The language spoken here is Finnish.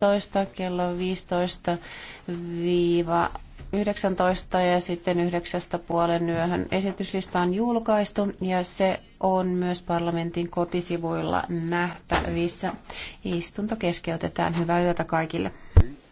15 kello 15-19 ja sitten yhdeksästä puolen yöhön. Esityslista on julkaistu ja se on myös parlamentin kotisivuilla nähtävissä. Istunto keskeytetään. Hyvää yötä kaikille.